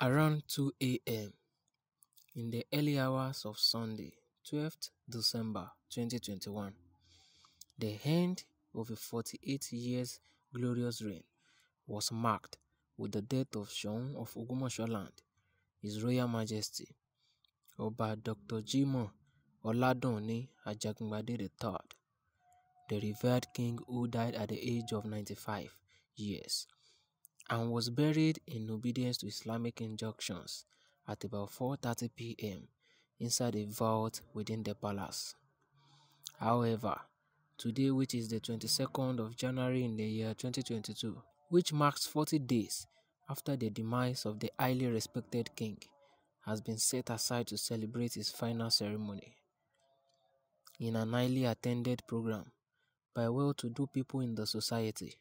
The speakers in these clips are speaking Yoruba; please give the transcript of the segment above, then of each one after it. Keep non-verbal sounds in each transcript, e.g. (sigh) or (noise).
Around 2 a.m. in the early hours of Sunday, 12th December 2021, the end of a 48 years glorious reign was marked with the death of Shaun of Ogumosholand, His Royal Majesty, Oba Dr. Jimoh Oladunni Ajagungbade III. The revered king who died at the age of 95 years and was buried in obedience to Islamic injunctions at about 4:30 p.m. inside a vault within the palace. However, today which is the 22nd of January in the year 2022, which marks 40 days after the demise of the highly respected king, has been set aside to celebrate his final ceremony. In an highly attended program by well-to-do people in the society,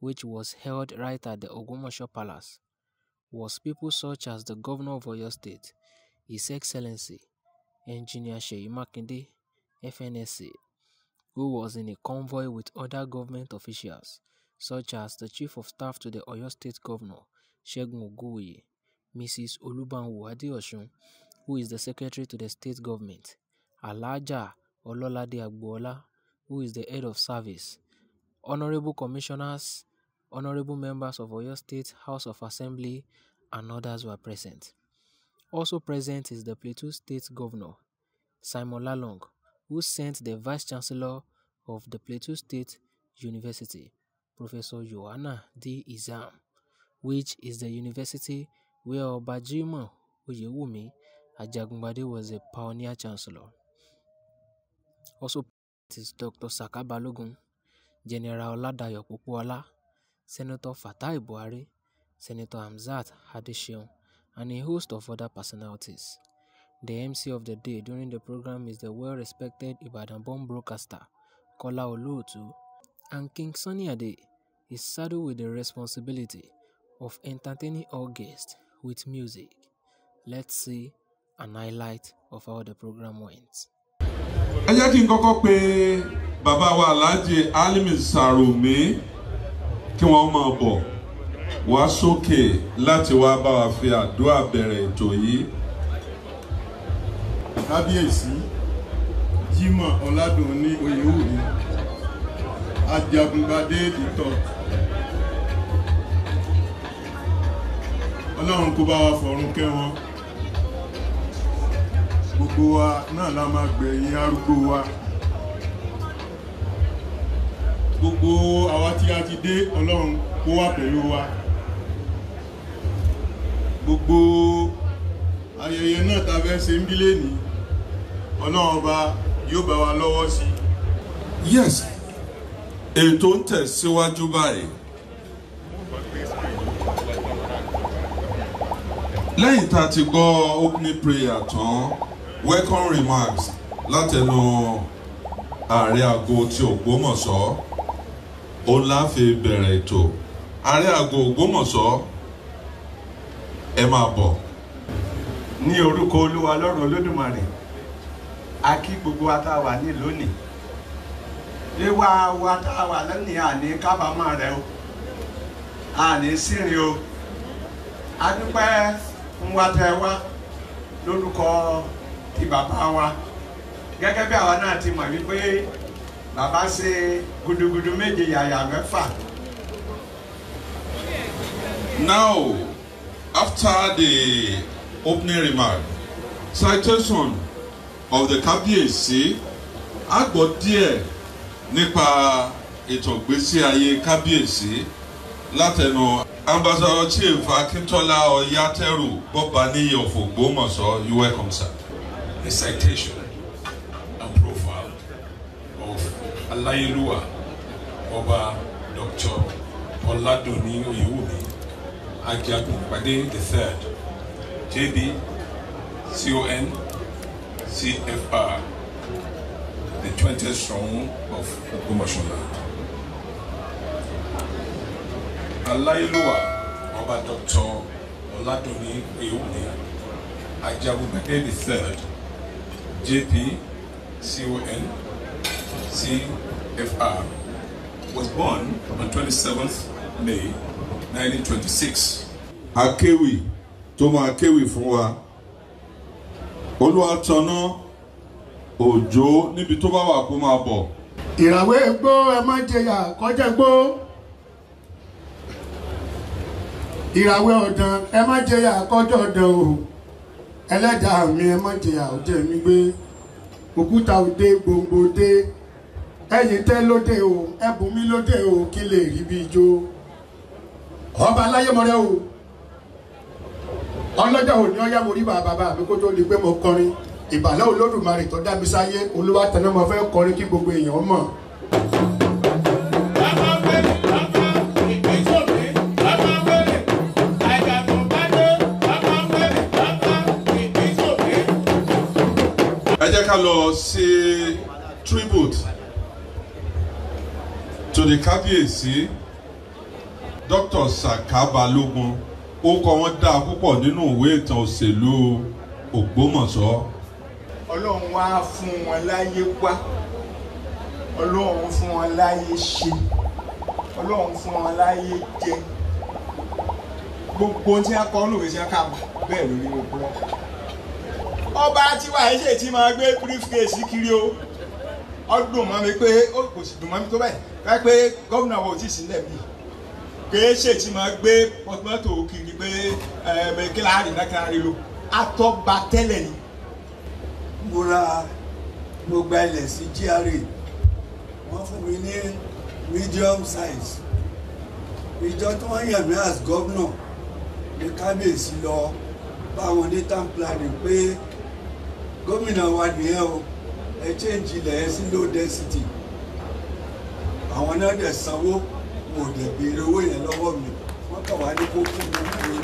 which was held right at the Ogumosho Palace, was people such as the Governor of Oyo State, His Excellency, Engineer Sheyi Makinde, FNSC, who was in a convoy with other government officials, such as the Chief of Staff to the Oyo State Governor, Shegun Oguye, Mrs. Olubanwu Adeosun, who is the Secretary to the State Government, Alaja Ololade Agboola, who is the Head of Service, honourable commissioners, honourable members of Oyo State House of Assembly, and others were present. Also present is the Plateau State Governor, Simon Lalong, who sent the Vice Chancellor of the Plateau State University, Professor Joanna D. Izam, which is the university where Obajimo Oyewumi Ajagungbade was a pioneer chancellor. Also present is Dr. Saka Balogun, Jẹ́nẹ́rà Ọládàyọ̀ Pópóọlá, Senator Fatai Buhari, Senator Hamzat Hadlicheun, and a host of other personalities. The MC of the day during the program is the well-respected Ibadan-born broadcaster Kola Olootu, and King Sunny Ade is saddled with the responsibility of entertaining all guests with music. Let's see an highlight of how the program went. ẹ jẹ́ kí n kọ́kọ́ pe bàbá wa alhaji alimi sàrùmí kí wọ́n máa bọ̀ wá sókè láti wá bá wa fi àdúrà bẹ̀rẹ̀ ètò yìí. kábíyèsí Jimoh Ọládùnní Oyèwùmí Ajagungbadé ìtọ́ Ọlọ́run kó bá wa fọ̀run kẹ́ wọn gbogbo wa náà la máa gbẹ̀yìn arúgbó wa gbogbo àwa tí a ti dé ọlọ́run kó wà pẹ̀lú wa gbogbo ayẹyẹ náà ta fẹ́ ṣe ń bí lẹ́nìí ọlọ́run ọba yóò bá wa lọ́wọ́ sí i. yes ètò ń tẹ̀síwájú báyìí. lẹ́yìn tá a ti gbọ́ opening prayer tán welcome remarks látẹnu ààrẹ àgọ́ ti Ògbómọ̀ṣọ́. So. òun la fi bẹ̀rẹ̀ ètò ààrẹ àgọ Ògbómọ̀ṣọ́ ẹ máa bọ̀. ní orúkọ olúwa lọ́rùn olódùmarè a kí gbogbo wa tá a wà ní lónìí wíwá wa tá a wà lónìí àní kábàámọ̀ rẹ o àní sírin o a dúpẹ́ ń wá tẹ wá lórúkọ ti bàbá wa gẹ́gẹ́ bí àwa náà ti mọ̀ wípé. bàbá ṣe gudugudu méje yàyà mẹ́fà. Now, after the opening remark, citation of the Kábíyèsí, a gbọ́ díẹ̀ nípa ìtọ̀gbésí ayé Kábíyèsí látẹnu Ambassador Chief Akintola Oyatero bobani of Ògbómọ̀ṣọ́, you welcome sir. The citation. aláyélúwà ọba dr ọládùnní oyèwùmí ajagunpàdé the third jb con cfr the twentieth son of ogunmọ̀ṣọ́lá aláyélúwà ọba dr ọládùnní oyèwùmí ajagunpàdé the third jp con. CFR, was born on 27th May 1926. Akéwì tó máa kéwì fún wa. Olúwatanná Òjó níbi tó bá wà kó máa bọ̀. Ìràwé gbó ẹ má jẹyà kọjá gbó. Ìràwé ọ̀dàn ẹ má jẹyà kọjá ọ̀dàn mi ẹ má jẹyà ọ̀dẹ̀ mi gbé. Òkúta ẹ̀yin tẹ́ lóde o ẹ̀bùn mi lóde o kí lè rí bí ijó ọba aláyémọrẹ o ọlọ́jọ́ òní ọ̀yá mo rí bàbá mi kó tó di pé mo kọrin ìbàlẹ̀ olódùmarè tó dá sáyé olúwa tẹnu mo fẹ́ kọrin kí gbogbo èèyàn mọ̀. ẹ jẹ́ ká lọ sí tribute to the kábíyèsí dr saka balógun orúkọ wọn dáa púpọ̀ nínú ìwé ìtàn òṣèlú ògbómọ̀ṣọ́. ọlọ́run wá fún wọn láyé wá ọlọ́run fún wọn láyé ṣe ọlọ́run fún wọn láyé jẹ gbogbo tí a kọ́ lóògbé tí a kà mọ́ bẹ́ẹ̀ ló ní gbogbo wọn. ọba tiwa yìí ṣètì máa gbé briefcase kiri o ọdún mọ́ mi pé ó kò sì dùn mọ́ mi tó báyìí pẹ́pẹ́ gómìnà wo ti sílẹ̀ mi kìí ṣe tí ma gbé mọ́tò kiri pé ẹ̀ẹ́dẹ̀ kí láàrin náà kí láàrin lò atọ́gba tẹ́lẹ̀ ni. mo ra mo gba ilẹ̀ sí GRA wọ́n fún mi ní medium size ìjọ tí wọ́n yàn mí as governor ní kábíyèsí lọ báwọn ní town planning pé gómìnà wa nìyẹn o ẹ change ilẹ̀ ẹ sí low density àwọn náà dẹ̀ sanwó mo dẹ̀ béèrè owó yẹn lọ́wọ́ mi wọ́n kàn wá ní kó fún mi fún mi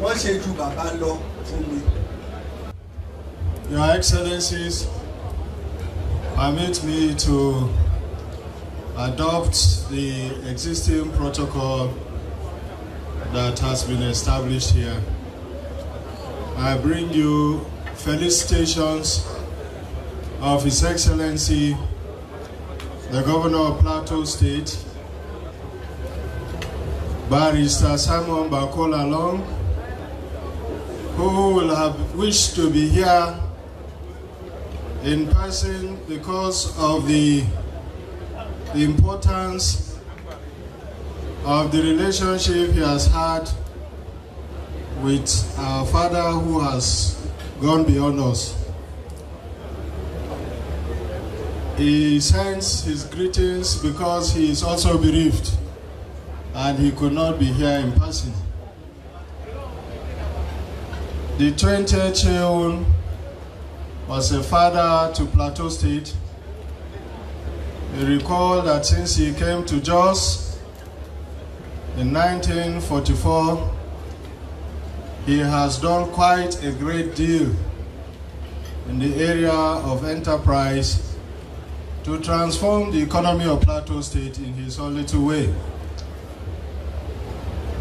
wọ́n ṣe ju bàbá lọ fún mi. Your Excellencies, permit me to adopt the existing protocol that has been established here. I bring you felicitations of His Excellency the governor of Plateau State, Barrister Simon Bakola Long, who will have wished to be here in person because of the, the importance of the relationship he has had with our father who has gone beyond us. He sends his greetings because he is also bereaved and he could not be here in person. The 20th Cheon was a father to Plateau State. We recall that since he came to Jos in 1944, he has done quite a great deal in the area of enterprise to transform the economy of Plateau State in his own little way.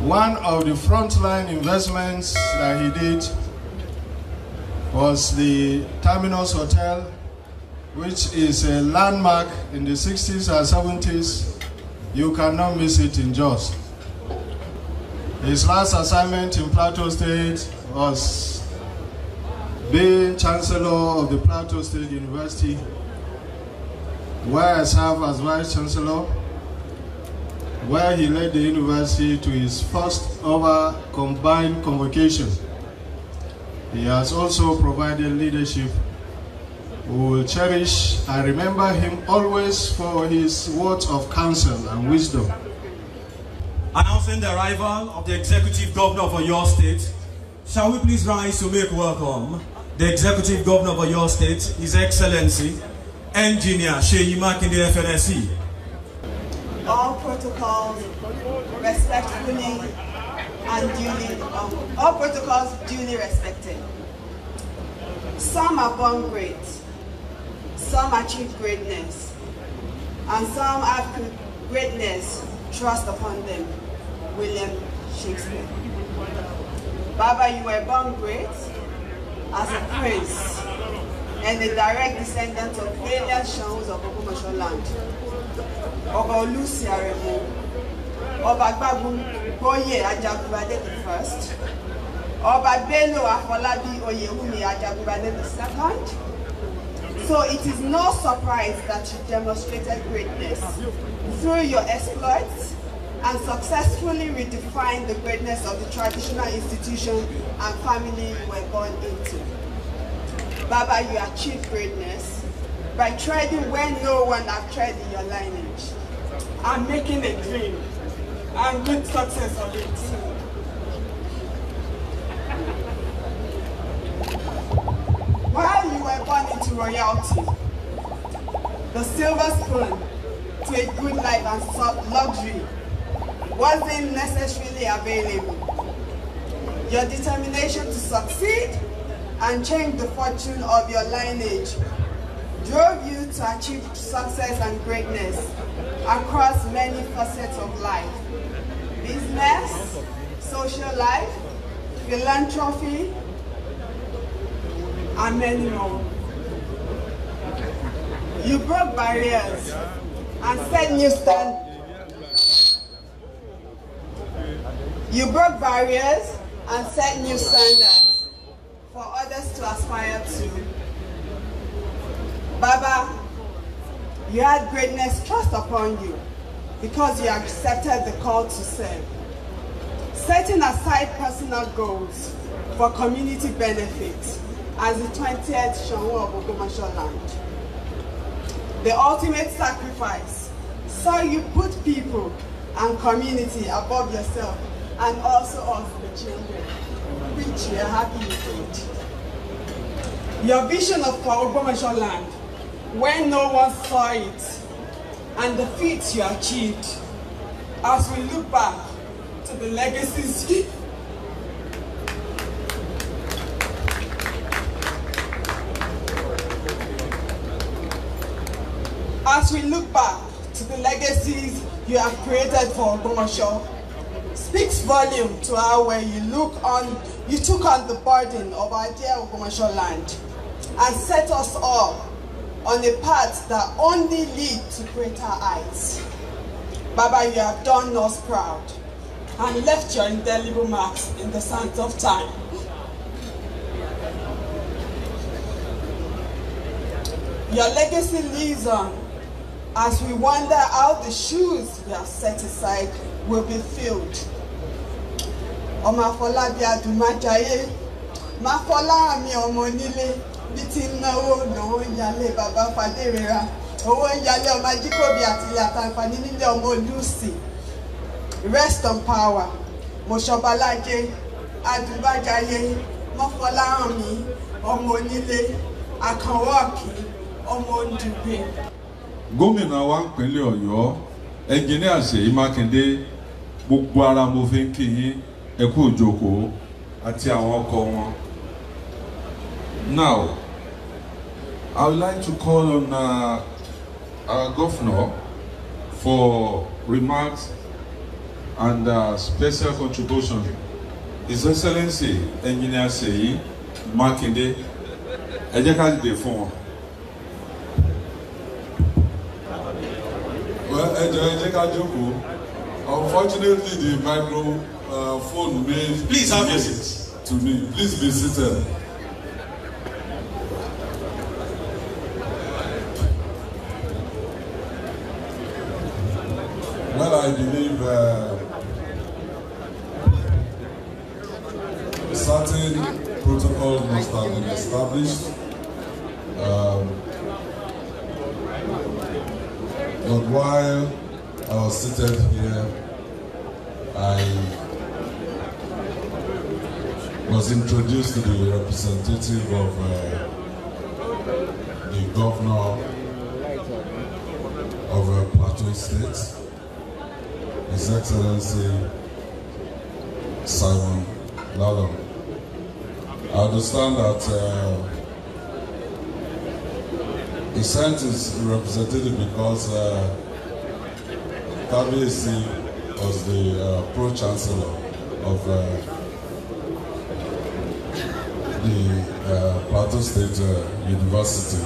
One of the frontline investments that he did was the Terminus Hotel, which is a landmark in the 60s and 70s. You cannot miss it in Jos. His last assignment in Plateau State was being Chancellor of the Plateau State University where I served as Vice Chancellor, where he led the university to its first ever combined convocation. He has also provided leadership. We will cherish and remember him always for his words of counsel and wisdom. Announcing the arrival of the Executive Governor of your state, shall we please rise to make welcome the Executive Governor of your state, His Excellency, engineer Seyi Makinde FNSE. All protocols respectfully and duly, um, all protocols duly respected. Some are born great, some achieve greatness, and some have greatness thrust upon them. William Shakespeare. Baba, you were born great as a prince and the direct descendants of alien shawls of Ogbomosho land. Ọba Olúsi Arẹ̀mú, Ọba Gbágun Bóyè Ajagunbadé the first, Ọba Bello Afọlábí Oyèwùmí Ajagunbadé the second. So it is no surprise that you demonstrated greatness through your exploits and successfully redefined the greatness of the traditional institution and family you were born into. Baba, you achieve greatness by treading where no one has tread in your lineage. I'm making a dream and good success of it. While you were born into royalty, the silver spoon to a good life and luxury wasn't necessarily available. Your determination to succeed and changed the fortune of your lineage, drove you to achieve success and greatness across many facets of life. Business, social life, philanthropy, and many more. You broke barriers and set new standards. You broke barriers and set new standards to aspire to. Baba, you had greatness thrust upon you because you accepted the call to serve. Setting aside personal goals for community benefit as the 20th Shanwo of Ogomasho land. The ultimate sacrifice saw so you put people and community above yourself and also of the children, which we are happy you did. Your vision of Ogbomoso land, where no one saw it, and the feats you achieved. As we look back to the legacies you, (laughs) As we look back to the legacies you have created for Ogbomoso, speaks volume to how where you look on you took on the burden of our dear Ogbomoso land and set us all on a path that only leads to greater heights. Baba, you have done us proud and left your indelible marks in the sands of time. Your legacy lives on as we wonder how the shoes we have set aside will be filled. Ọmọ Afọlábí Adùmájayé, Máfọlá àmì ọmọ nílé bí ti ń náwó lówó ń yálé bàbá fadérera owó ń yálé ọmọ ajíkòbí àti àtàǹfààní nílé ọmọ olùsì rest on power mọ̀ṣọ́balájẹ adùnbájayé mọ́fọláhànmí ọmọ onílé àkànwọ́ọ̀kì ọmọ ondùgbé. gómìnà wa ìpínlẹ̀ ọ̀yọ́ ẹnjìníà ṣèyí mákindé gbogbo ara mo fi ń kí yín ẹ kú ìjókòó àti àwọn ọkọ wọn now I would like to call on uh, our governor for remarks and uh, special contribution. His Excellency Engineer Seyi Makinde, ẹ jẹ́ ká dìde fún Well, ẹ jọ̀ọ́ ẹ jẹ́ ká Unfortunately, the microphone uh, may... Please have your seat. To me, please be seated. I believe uh, certain protocols must have been established. Um, but while I was seated here, I was introduced to the representative of uh, the governor of uh, Plateau State. His Excellency Simon Lalo. I understand that uh, he sent his representative because uh, Kabisi was the uh, pro-chancellor of uh, the uh, Plateau State uh, University.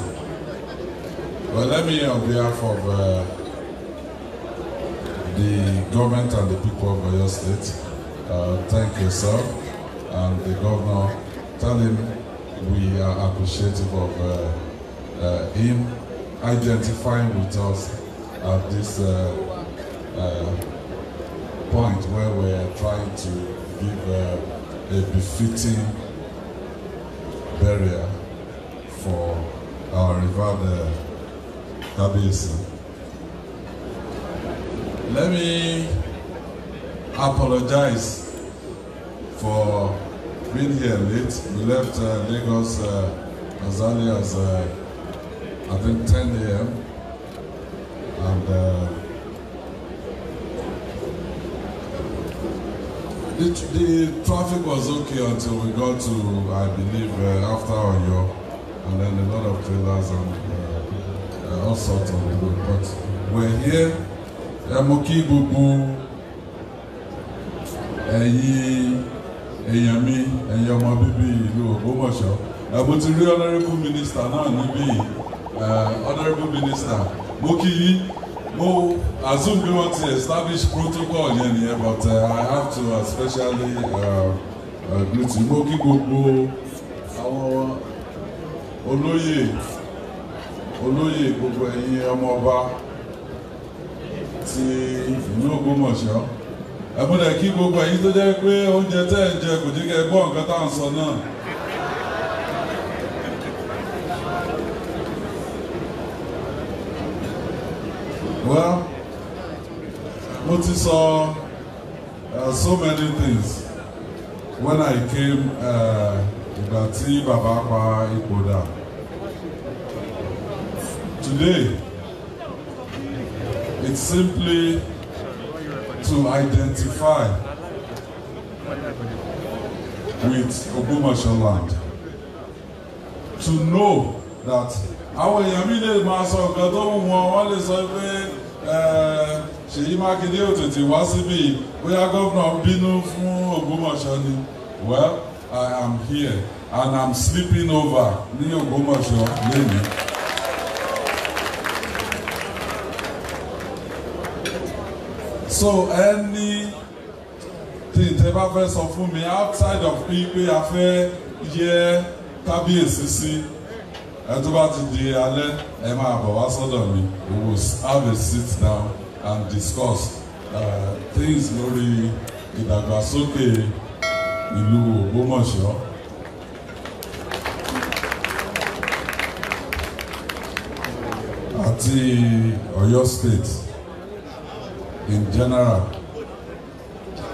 Well, let me, on behalf of uh, the government and the people of your State, uh, thank yourself and the governor. Tell him we are appreciative of uh, uh, him identifying with us at this uh, uh, point where we are trying to give uh, a befitting barrier for our rival uh, Let me apologize for being here late. We left uh, Lagos uh, as early as, uh, I think, 10 a.m. And uh, the, the traffic was okay until we got to, I believe, uh, after Oyo, and then a lot of trailers and uh, all sorts of people. But we're here ẹ mo kí gbogbo ẹ̀yin èèyàn mi ẹ̀yin ọmọ bíbí ìlú Ògbómọ̀ṣọ́ ẹ mo ti rí honourable minister náà níbí honourable minister mo kí yín mo assume bí wọ́n ti establish protocol yẹn nìyẹn but uh, I have to especially uh, uh, greet you mo kí gbogbo àwọn olóyè olóyè gbogbo ẹ̀yin ọmọ ọba. sí ìlú Ògbómọ̀ṣọ́ ẹ̀múdẹ̀ kí gbogbo ẹ̀yin tó jẹ́ pé oúnjẹ tẹ́ ẹ̀ jẹ kò jẹ́ gbọ́ nǹkan tá à ń sọ náà. Well, mo ti sọ uh, so many things when I came uh, ìgbà tí bàbá pa ipò dà. Today. It's simply to identify with Ogbomoso land. To know that our èèyàn master, lè máa sọ nǹkan tó wù wọn, wọ́n lè sọ pé eh, Ṣèyí Mákindé ò Well, I am here and I'm sleeping over near Ògbómọ̀ṣọ́ lónìí. so any tí ìtẹ́ bá fẹ́ sọ fún mi outside of pípé a fẹ́ yẹ kábíyèsí sí ẹ tó bá ti di alẹ́ ẹ máa bọ̀ wá sọ́dọ̀ mi we will have a sit down and discuss uh, things lórí ìdàgbàsókè ìlú Ògbómọ̀ṣọ́. àti Ọ̀yọ́ state in general.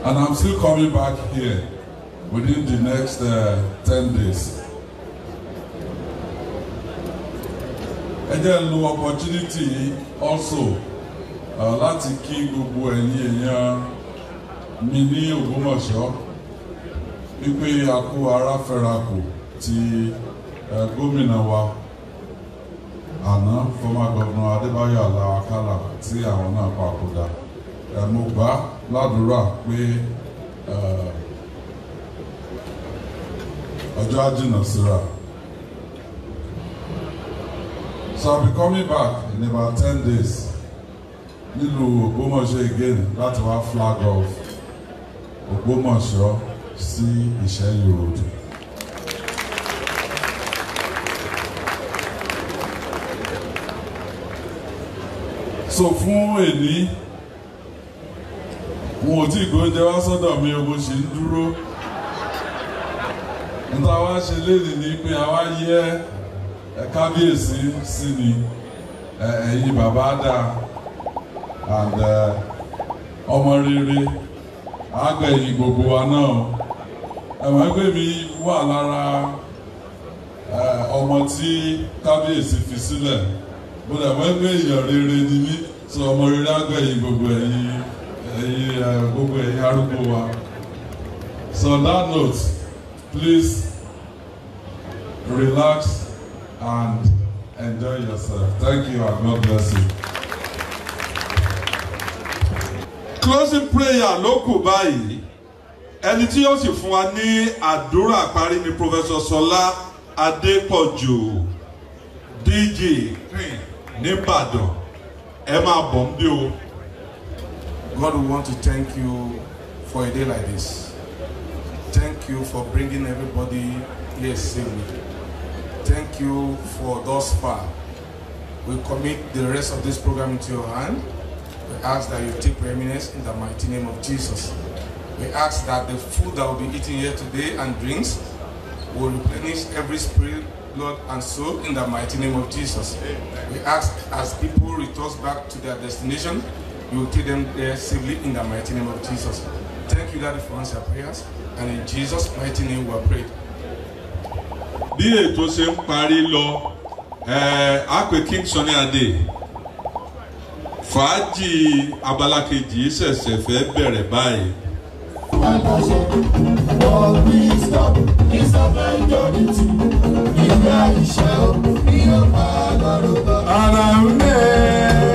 And I'm still coming back here within the next uh, 10 days. Ẹ jẹ́ lo opportunity also uh, láti kí gbogbo ẹ̀yin èèyàn mi ní Ògbómọ̀ṣọ́ wípé a kú ara fẹ́ra ti uh, gómìnà wa àná former governor Adébáyọ̀ Aláwa Kálá tí àwọn náà papòdà mo gbà ládùúrà pé ọjọ́ àjìnà síra. So I'll be coming back in about ten days nílùú Ògbómọ̀ṣọ́ again láti wá flag off Ògbómọ̀ṣọ́ sí Ìṣẹ́yìn road. So fún èní. wọn ò tí ì gbóúnjẹ wá sọ́dọ̀ mi o mo sì ń dúró níta wá ṣe léde ni pé a wá yẹ ẹ kábíyèsí sí ni ẹ̀yin bàbá dà and ọmọ rere àgbẹ̀yìn gbogbo wa náà ẹ̀wọ̀n ẹgbẹ́ mi wà lára ọmọ tí kábíyèsí fi sílẹ̀ mo dàgbẹ́ pé èèyàn rere ni mí sọ ọmọ rere àgbẹ̀yìn gbogbo ẹ̀yin. ẹ̀yin eh, gbogbo ẹ̀yin arúgbó wa so on that note please relax and enjoy yourself thank you and God bless you. closing prayer ló kù báyìí ẹni tí yóò sì fún wa ní àdúrà parí ni Professor Ṣọlá Adépọ̀jù DJ ní Ìbàdàn ẹ máa bọ̀ ń bí o. God, we want to thank you for a day like this. Thank you for bringing everybody here safely. Thank you for thus far. We commit the rest of this program into your hand. We ask that you take preeminence in the mighty name of Jesus. We ask that the food that will be eaten here today and drinks will replenish every spirit, blood, and soul in the mighty name of Jesus. We ask as people return back to their destination, you will take them there safely in the mighty name of Jesus. Thank you, Daddy, for answering prayers. And in Jesus' mighty name we are prayed. Bí ètò ṣe ń parí lọ, a pè King Sunny Adé. Fàájì abala kejì ṣẹ̀ṣẹ̀ fẹ́ bẹ̀rẹ̀ báyìí. Àkàṣe ọ̀gbìn ìsọ̀bù ìsọ̀bù ìjọ́ni ti ìgbà ìṣẹ́ o, ìyọ̀pá lọ́rùkọ. Àrà ń lé.